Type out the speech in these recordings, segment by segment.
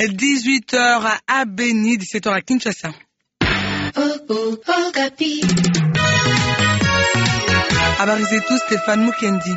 18h à Béni, 17h à Kinshasa. Oh, oh, oh, Stéphane Mukendi.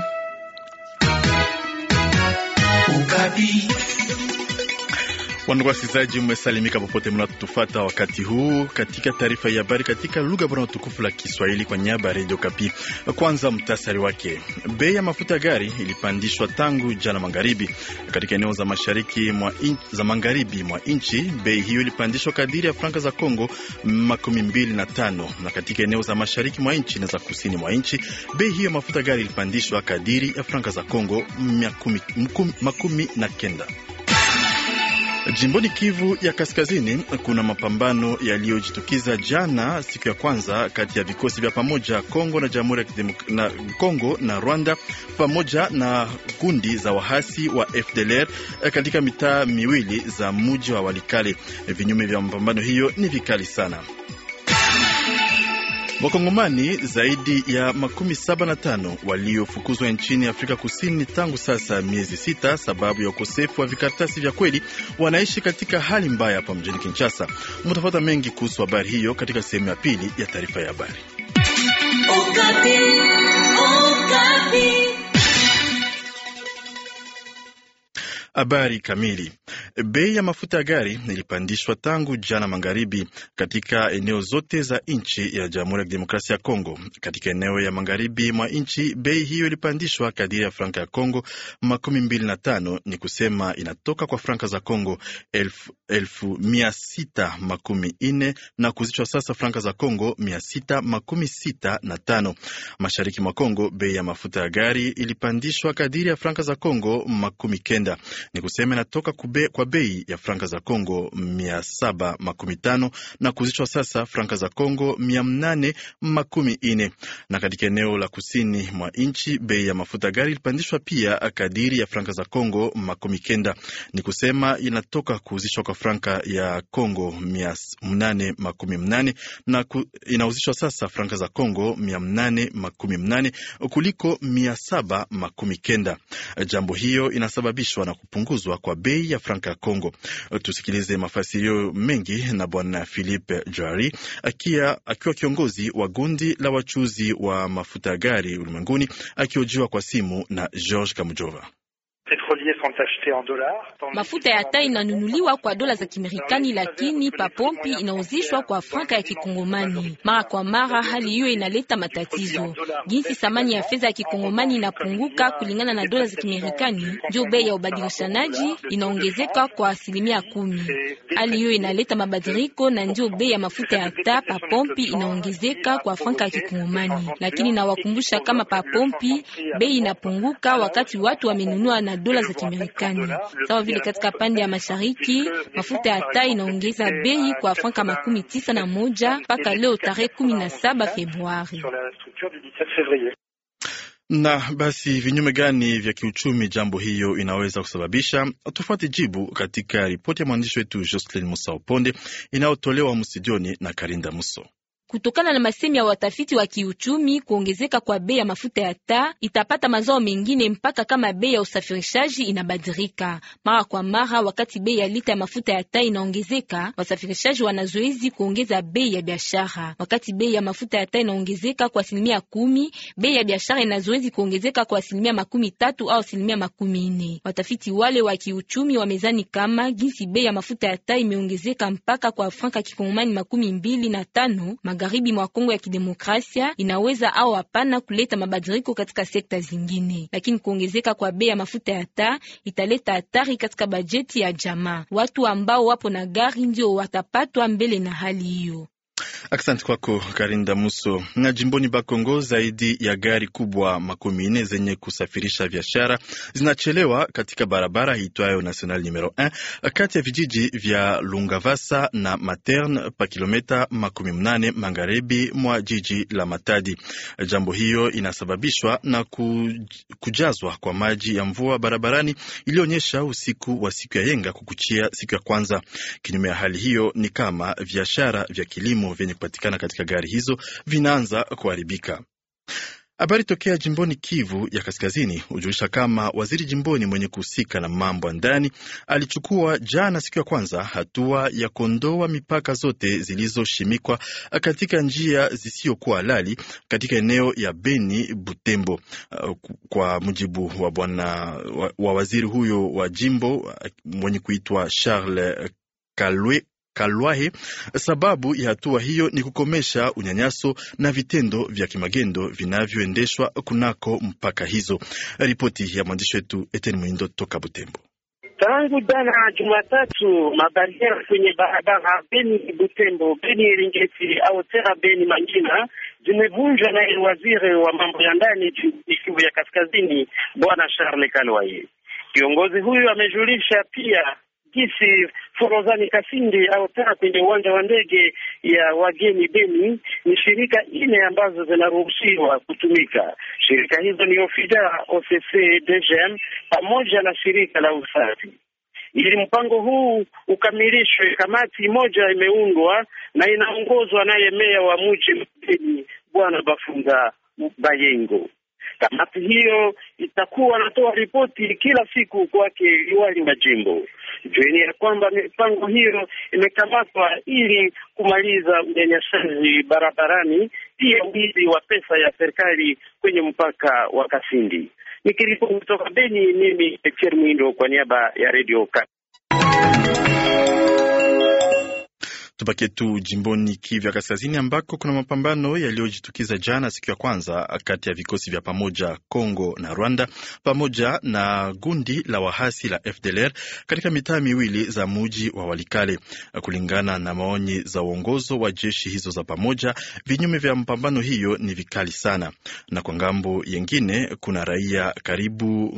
Wandugu wasikilizaji, mmesalimika popote mnatufata wakati huu katika taarifa ya habari katika lugha bora tukufu la Kiswahili kwa niaba ya Radio Kapi. Kwanza mtasari wake. Bei ya mafuta gari ilipandishwa tangu jana magharibi. Katika eneo za mashariki mwa in, za magharibi mwa nchi, bei hiyo ilipandishwa kadiri ya franka za Kongo makumi mbili na tano, na katika eneo za mashariki mwa nchi na za kusini mwa nchi, bei hiyo ya mafuta gari ilipandishwa kadiri ya franka za Kongo makumi na kenda. Jimboni Kivu ya Kaskazini kuna mapambano yaliyojitokeza jana siku ya kwanza kati ya vikosi vya pamoja Kongo na Jamhuri ya Kongo na Rwanda pamoja na kundi za wahasi wa FDLR eh, katika mitaa miwili za mji wa Walikale. Eh, vinyume vya mapambano hiyo ni vikali sana. Wakongomani zaidi ya makumi saba na tano waliofukuzwa nchini Afrika Kusini tangu sasa miezi sita sababu ya ukosefu wa vikaratasi vya kweli wanaishi katika hali mbaya hapa mjini Kinshasa. Mutafuata mengi kuhusu habari hiyo katika sehemu ya pili ya taarifa ya habari. Habari kamili Bei ya mafuta ya gari ilipandishwa tangu jana magharibi katika eneo zote za nchi ya Jamhuri ya Kidemokrasia ya Kongo. Katika eneo ya magharibi mwa nchi, bei hiyo ilipandishwa kadiri ya franka ya Kongo makumi mbili na tano, ni kusema inatoka kwa franka za Kongo elfu, elfu mia sita makumi nne na kuzichwa sasa franka za Kongo mia sita makumi sita na tano. Mashariki mwa Kongo, bei ya mafuta ya gari ilipandishwa kadiri ya franka za Kongo makumi kenda, ni kusema inatoka kube, kwa kwa bei ya franka za Congo 715 na kuuzishwa sasa franka za congo 840. Na katika eneo la kusini mwa nchi bei ya mafuta gari ilipandishwa pia kadiri ya franka za congo makumi ni kusema inatoka kuuzishwa kwa franka ya congo 880 na ku, inauzishwa sasa franka za Congo 880 kuliko 719. Jambo hiyo inasababishwa na kupunguzwa kwa bei ya franka ya Kongo. Tusikilize mafasirio mengi na Bwana Philippe Jari akia, akiwa kiongozi wa gundi la wachuzi wa mafuta gari ulimwenguni, akiojiwa kwa simu na George Kamujova. Mafuta ya taa inanunuliwa kwa dola za Kimerikani, lakini papompi inauzishwa kwa franka ya Kikongomani. Mara kwa mara, hali hiyo inaleta matatizo. Jinsi thamani ya fedha ya Kikongomani inapunguka kulingana na dola za Kimerikani, ndio bei ya ubadilishanaji inaongezeka kwa asilimia kumi. Hali hiyo inaleta mabadiliko, na ndio bei ya mafuta ya taa papompi inaongezeka kwa franka ya Kikongomani, lakini nawakumbusha kama papompi bei inapunguka wakati watu wamenunua na dola za Kimarekani. Sawa vile katika pande ya mashariki, mafuta ya taa inaongeza bei kwa franka makumi tisa na moja mpaka leo tarehe kumi na saba Februari. Na basi vinyume gani vya kiuchumi jambo hiyo inaweza kusababisha? Tufuate jibu katika ripoti ya mwandishi wetu Jocelyn Musa Oponde inayotolewa mstudioni na Karinda Muso. Kutokana na masemi ya watafiti wa kiuchumi, kuongezeka kwa bei ya mafuta ya taa itapata mazao mengine mpaka kama bei ya usafirishaji inabadilika mara kwa mara. Wakati bei ya lita ya mafuta ya taa inaongezeka, wasafirishaji wanazoezi kuongeza bei ya biashara. Wakati bei ya mafuta ya taa inaongezeka kwa asilimia kumi, bei ya biashara inazoezi kuongezeka kwa asilimia makumi tatu au asilimia makumi nne. Watafiti wale wa kiuchumi wamezani kama jinsi bei ya mafuta ya taa imeongezeka mpaka kwa franka kikongomani makumi mbili na tano magharibi mwa Kongo ya Kidemokrasia inaweza au hapana kuleta mabadiliko katika sekta zingine, lakini kuongezeka kwa bei ya mafuta ya taa italeta hatari katika bajeti ya jamaa. Watu ambao wapo na gari ndio watapatwa mbele na hali hiyo. Asante kwako Karinda Muso. Na jimboni Bakongo, zaidi ya gari kubwa makumi nne zenye kusafirisha biashara zinachelewa katika barabara itwayo National numero 1 kati ya vijiji vya Lungavasa na Materne pa kilometa makumi mnane magharibi mwa jiji la Matadi. Jambo hiyo inasababishwa na kujazwa kwa maji ya mvua barabarani iliyoonyesha usiku wa siku ya yenga kukuchia siku ya kwanza. Kinyume ya hali hiyo ni kama biashara vya kilimo vyenye vyenye kupatikana katika gari hizo vinaanza kuharibika. Habari tokea jimboni Kivu ya Kaskazini hujulisha kama waziri jimboni mwenye kuhusika na mambo ya ndani alichukua jana siku ya kwanza hatua ya kuondoa mipaka zote zilizoshimikwa katika njia zisiyokuwa halali katika eneo ya Beni Butembo. Uh, kwa mujibu wa bwana wa waziri huyo wa jimbo uh, mwenye kuitwa Charles Kalwe Kalwahi. Sababu ya hatua hiyo ni kukomesha unyanyaso na vitendo vya kimagendo vinavyoendeshwa kunako mpaka hizo. Ripoti ya mwandishi wetu Eteni Mwindo toka Butembo. Tangu jana Jumatatu, mabariera kwenye barabara Beni Butembo, Beni Eringeti au tera Beni Mangina zimevunjwa naye waziri wa mambo ya ndani Kivu ya Kaskazini, Bwana Charles Kalwai. Kiongozi huyu amejulisha pia Kisi Forozani Kasindi au tena kwenye uwanja wa ndege ya wageni Beni ni shirika nne ambazo zinaruhusiwa kutumika. Shirika hizo ni OFIDA, OCC, DGM pamoja na shirika la usafi. Ili mpango huu ukamilishwe, kamati moja imeundwa na inaongozwa naye meya wa mji Beni, Bwana Bafunga Bayengo. Kamati hiyo itakuwa natoa ripoti kila siku kwake liwali wa jimbo. Jueni ya kwamba mipango hiyo imekamatwa ili kumaliza unyanyasaji barabarani, pia wizi wa pesa ya serikali kwenye mpaka wa Kasindi. Nikiripoti kutoka Beni, mimi Cher Mwindo kwa niaba ya Radio Kati. Tubaki tu jimboni Kivya Kaskazini ambako kuna mapambano yaliyojitukiza jana siku ya kwanza kati ya vikosi vya pamoja congo na Rwanda pamoja na gundi la wahasi la FDLR katika mitaa miwili za muji wa Walikale. Kulingana na maoni za uongozo wa jeshi hizo za pamoja, vinyume vya mapambano hiyo ni vikali sana, na kwa ngambo yengine kuna raia karibu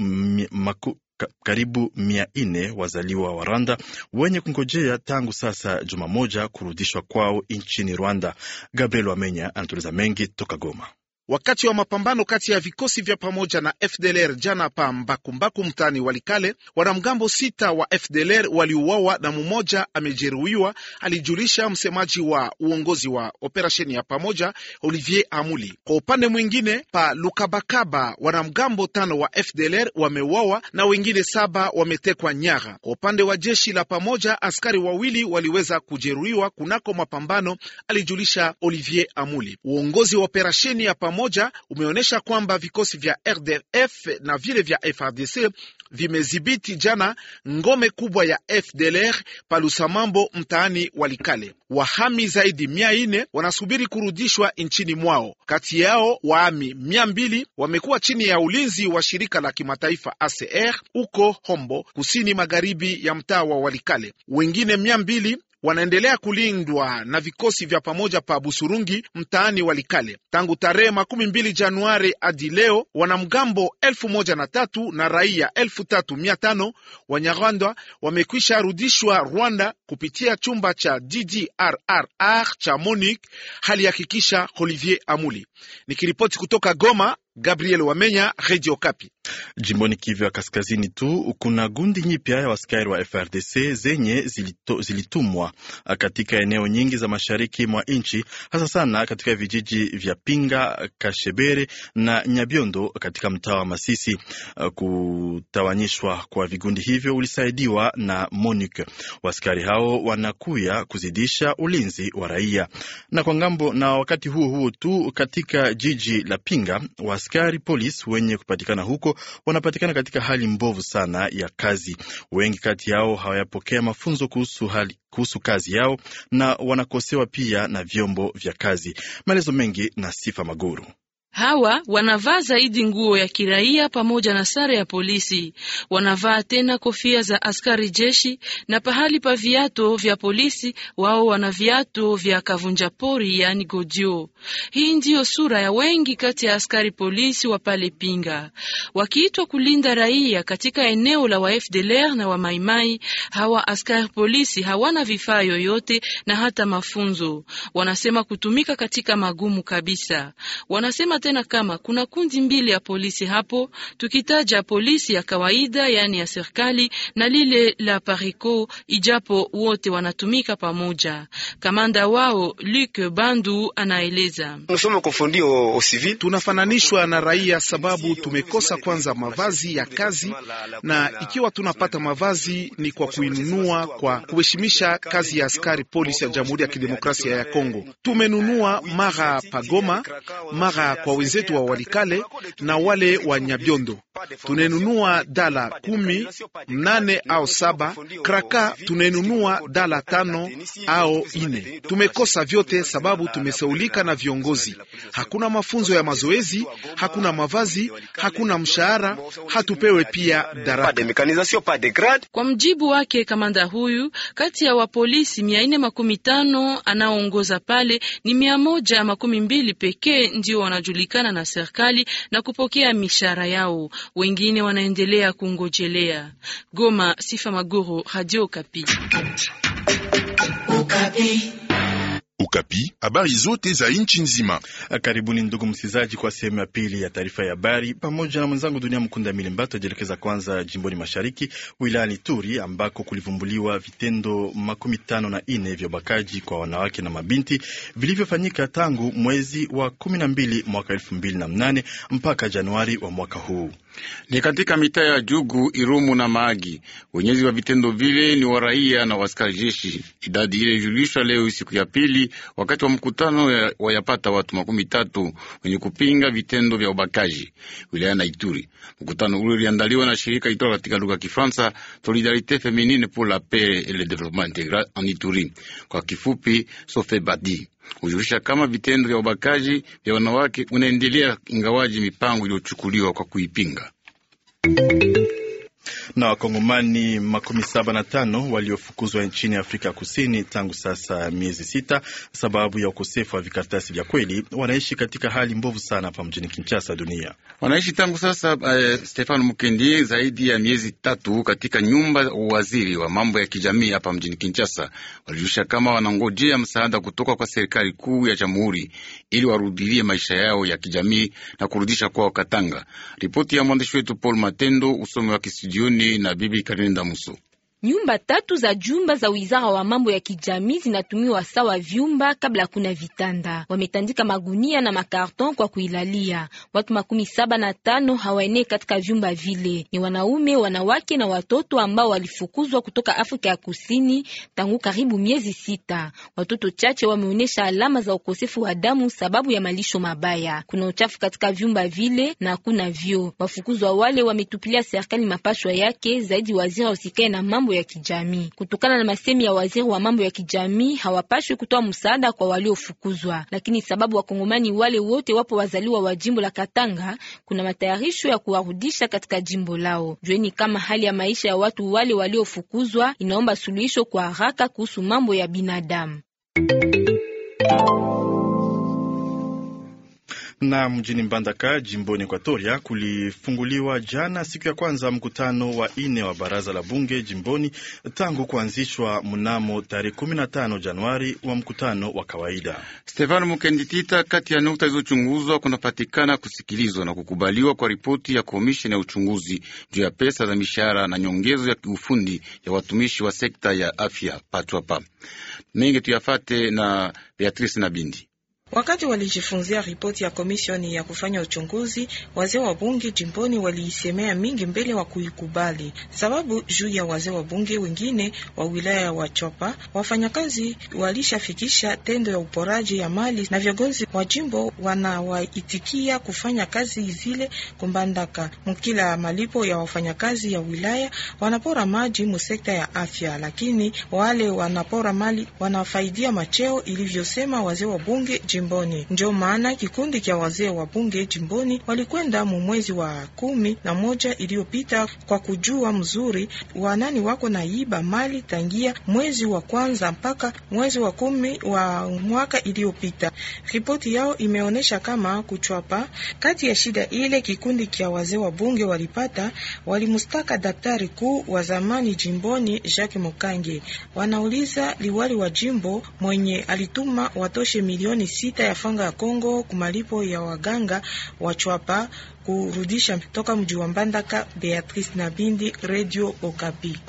maku karibu mia nne wazaliwa wa Rwanda wenye kungojea tangu sasa juma moja kurudishwa kwao nchini Rwanda. Gabriel Wamenya anatueleza mengi toka Goma. Wakati wa mapambano kati ya vikosi vya pamoja na FDLR jana pa Mbakumbaku mtaani Walikale, wanamgambo sita wa FDLR waliuawa na mmoja amejeruhiwa, alijulisha msemaji wa uongozi wa operesheni ya pamoja Olivier Amuli. Kwa upande mwingine, pa Lukabakaba wanamgambo tano wa FDLR wameuawa na wengine saba wametekwa nyara. Kwa upande wa jeshi la pamoja, askari wawili waliweza kujeruhiwa kunako mapambano, alijulisha Olivier Amuli. Uongozi wa operesheni ya pamoja pamoja umeonyesha kwamba vikosi vya RDF na vile vya FRDC vimedhibiti jana ngome kubwa ya FDLR Palusamambo mtaani Walikale. Wahami zaidi mia ine wanasubiri kurudishwa nchini mwao. Kati yao wahami mia mbili wamekuwa chini ya ulinzi wa shirika la kimataifa ACR huko Hombo, kusini magharibi ya mtaa wa Walikale. Wengine mia mbili wanaendelea kulindwa na vikosi vya pamoja pa Busurungi mtaani Walikale tangu tarehe makumi mbili Januari hadi leo. Wanamgambo elfu moja na tatu na raia elfu tatu mia tano Wanyarwanda wamekwisha rudishwa Rwanda kupitia chumba cha DDRRR cha MONUC, hali hakikisha Olivier Amuli. Nikiripoti kutoka Goma, Gabriel Wamenya, Radio Kapi. Jimboni Kivu ya kaskazini tu kuna gundi nyipya ya waskari wa FRDC zenye zilito, zilitumwa katika eneo nyingi za mashariki mwa nchi hasa sana katika vijiji vya Pinga, Kashebere na Nyabiondo katika mtaa wa Masisi. Kutawanyishwa kwa vigundi hivyo ulisaidiwa na MONUC. Waskari hao wanakuya kuzidisha ulinzi wa raia na kwa ngambo, na wakati huo huo tu katika jiji la Pinga askari polisi wenye kupatikana huko wanapatikana katika hali mbovu sana ya kazi. Wengi kati yao hawayapokea mafunzo kuhusu hali kuhusu kazi yao na wanakosewa pia na vyombo vya kazi. Maelezo mengi na Sifa Maguru. Hawa wanavaa zaidi nguo ya kiraia pamoja na sare ya polisi. Wanavaa tena kofia za askari jeshi na pahali pa viato vya polisi, wao wana viato vya kavunja pori, yani godio. Hii ndiyo sura ya wengi kati ya askari polisi wa pale Pinga, wakiitwa kulinda raia katika eneo la wa FDLR na wa Maimai. Hawa askari polisi hawana vifaa yoyote na hata mafunzo, wanasema kutumika katika magumu kabisa, wanasema tena kama kuna kundi mbili ya polisi hapo, tukitaja polisi ya kawaida, yaani ya serikali na lile la pariko ijapo wote wanatumika pamoja. Kamanda wao Luc Bandu anaeleza: tunafananishwa na raia sababu tumekosa kwanza mavazi ya kazi, na ikiwa tunapata mavazi ni kwa kuinunua kwa kuheshimisha kazi ya askari polisi ya Jamhuri ya Kidemokrasia ya Kongo. Tumenunua mara pagoma mara kwa wenzetu wa Walikale na wale wa Nyabiondo. Tunenunua dala kumi mnane au saba kraka, tunenunua dala tano au ine. Tumekosa vyote sababu tumesaulika na viongozi. Hakuna mafunzo ya mazoezi, hakuna mavazi, hakuna mshahara, hatupewe pia daraka. Kwa mjibu wake kamanda huyu, kati ya wapolisi mia nne makumi tano anaoongoza pale ni mia moja makumi mbili pekee ndio wanajulikana kushughulikana na serikali na kupokea mishahara yao. Wengine wanaendelea kungojelea. Goma, Sifa Maguru, Radio Kapi. Okapi. Okapi habari zote za nchi nzima. Karibuni ndugu msikilizaji, kwa sehemu ya pili ya taarifa ya habari pamoja na mwenzangu Dunia Mkunda Milimbato. Ajielekeza kwanza jimboni mashariki wilayani Turi ambako kulivumbuliwa vitendo makumi tano na nne vya ubakaji kwa wanawake na mabinti vilivyofanyika tangu mwezi wa kumi na mbili mwaka elfu mbili na mnane mpaka Januari wa mwaka huu ni katika mitaa ya Jugu, Irumu na Maagi. Wenyezi wa vitendo vile ni wa raia na waskari jeshi. Idadi ile ilijulishwa leo siku ya pili wakati wa mkutano ya, wayapata watu makumi tatu wenye kupinga vitendo vya ubakaji wilaya na Ituri. Mkutano ule uliandaliwa na shirika itoa katika lugha ya Kifaransa Solidarite Feminine pour la Paix et le Développement Integral en Ituri, kwa kifupi SOFEBADI hujulisha kama vitendo vya ubakaji vya wanawake unaendelea ingawaji mipango iliyochukuliwa kwa kuipinga na wakongomani makumi saba na tano waliofukuzwa nchini Afrika Kusini tangu sasa miezi sita sababu ya ukosefu wa vikaratasi vya kweli wanaishi katika hali mbovu sana hapa mjini Kinshasa. Dunia wanaishi tangu sasa uh, Stefano Mukendi zaidi ya miezi tatu katika nyumba waziri wa mambo ya kijamii hapa mjini Kinshasa walijulisha kama wanangojea msaada kutoka kwa serikali kuu ya jamhuri ili warudilie maisha yao ya kijamii na kurudisha kwao Katanga. Ripoti ya mwandishi wetu Paul Matendo, usomi wa kistudioni ne na bibi kadi da muso Nyumba tatu za jumba za wizara wa mambo ya kijamii zinatumiwa sawa vyumba kabla kuna vitanda. Wametandika magunia na makarton kwa kuilalia. Watu makumi saba na tano hawaene katika vyumba vile, ni wanaume, wanawake na watoto ambao walifukuzwa kutoka Afrika ya Kusini tangu karibu miezi sita. Watoto chache wameonyesha alama za ukosefu wa damu sababu ya malisho mabaya. Kuna uchafu katika vyumba vile na kuna vyo Wafukuzwa wale wametupilia serikali mapashwa yake zaidi, waziri usikae na mambo ya kijamii. Kutokana na masemi ya waziri wa mambo ya kijamii, hawapashwi kutoa msaada kwa waliofukuzwa, lakini sababu wakongomani wale wote wapo wazaliwa wa jimbo la Katanga, kuna matayarisho ya kuwarudisha katika jimbo lao. Jueni kama hali ya maisha ya watu wale waliofukuzwa inaomba suluhisho kwa haraka kuhusu mambo ya binadamu. Na mjini Mbandaka jimboni Ekwatoria kulifunguliwa jana siku ya kwanza mkutano wa nne wa baraza la bunge jimboni tangu kuanzishwa mnamo tarehe 15 Januari wa mkutano wa kawaida. Stefano Mukenditita, kati ya nukta zilizochunguzwa kunapatikana kusikilizwa na kukubaliwa kwa ripoti ya komisheni ya uchunguzi juu ya pesa za mishahara na nyongezo ya kiufundi ya watumishi wa sekta ya afya. Patwapa mengi tuyafate na Beatrice Nabindi. Wakati walijifunzia ripoti ya komisioni ya kufanya uchunguzi, wazee wa bunge jimboni waliisemea mingi mbele wa kuikubali, sababu juu ya wazee wa bunge wengine wa wilaya wa Chopa, wafanyakazi walishafikisha tendo ya uporaji ya mali na viongozi wa jimbo wanawaitikia kufanya kazi zile kumbandaka mkila malipo ya wafanyakazi ya wilaya wanapora maji musekta ya afya, lakini wale wanapora mali wanafaidia macheo, ilivyosema wazee wa bunge jimboni. Ndio maana kikundi cha wazee wa bunge jimboni walikwenda mwezi wa kumi na moja iliyopita kwa kujua mzuri wanani wako na iba mali tangia mwezi wa kwanza mpaka mwezi wa kumi wa mwaka iliyopita. Ripoti yao imeonyesha kama kuchwapa kati ya shida ile kikundi cha wazee wa bunge walipata, walimustaka daktari kuu wa zamani jimboni Jacques Mukange, wanauliza liwali wa jimbo mwenye alituma watoshe milioni sita vita ya fanga ya Kongo kumalipo ya waganga wa Chwapa kurudisha toka mji wa Mbandaka. Beatrice Nabindi, Radio Okapi.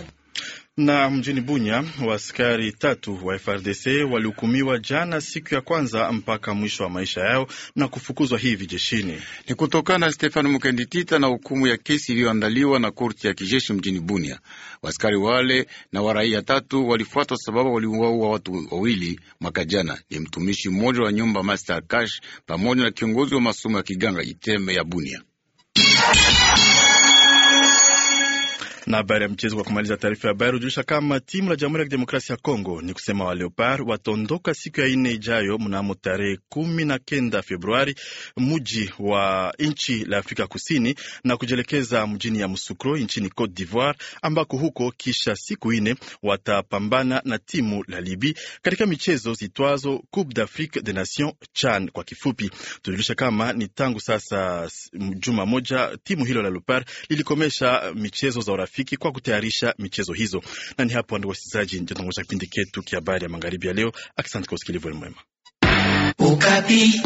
Na mjini Bunya, waskari tatu wa FRDC walihukumiwa jana siku ya kwanza mpaka mwisho wa maisha yao na kufukuzwa hivi jeshini. Ni kutokana na Stefan Mukenditita na hukumu ya kesi iliyoandaliwa na korti ya kijeshi mjini Bunya. waskari wale na waraia tatu walifuatwa sababu waliwaua watu wawili mwaka jana, ni mtumishi mmoja wa nyumba Master Cash pamoja na kiongozi wa masomo ya kiganga Iteme ya Bunya. Na habari ya mchezo kwa kumaliza taarifa ya habari, hujulisha kama timu la Jamhuri ya Kidemokrasia ya Kongo ni kusema wa Leopard wataondoka siku ya ine ijayo mnamo tarehe kumi na kenda Februari muji wa nchi la Afrika Kusini na kujielekeza mjini ya Msukro nchini Cote d'Ivoire, ambako huko kisha siku ine watapambana na timu la Libi katika michezo zitwazo Coupe d'Afrique des Nations, CHAN kwa kifupi. Tujulisha kama ni tangu sasa juma moja timu hilo la Leopard lilikomesha michezo za urafiki Olimpiki kwa kutayarisha michezo hizo. Na ni hapo ndugu wasikilizaji, ndio tunaongoza kipindi chetu cha habari ya magharibi ya leo. Asante kwa usikilivu mwema. Ukapi.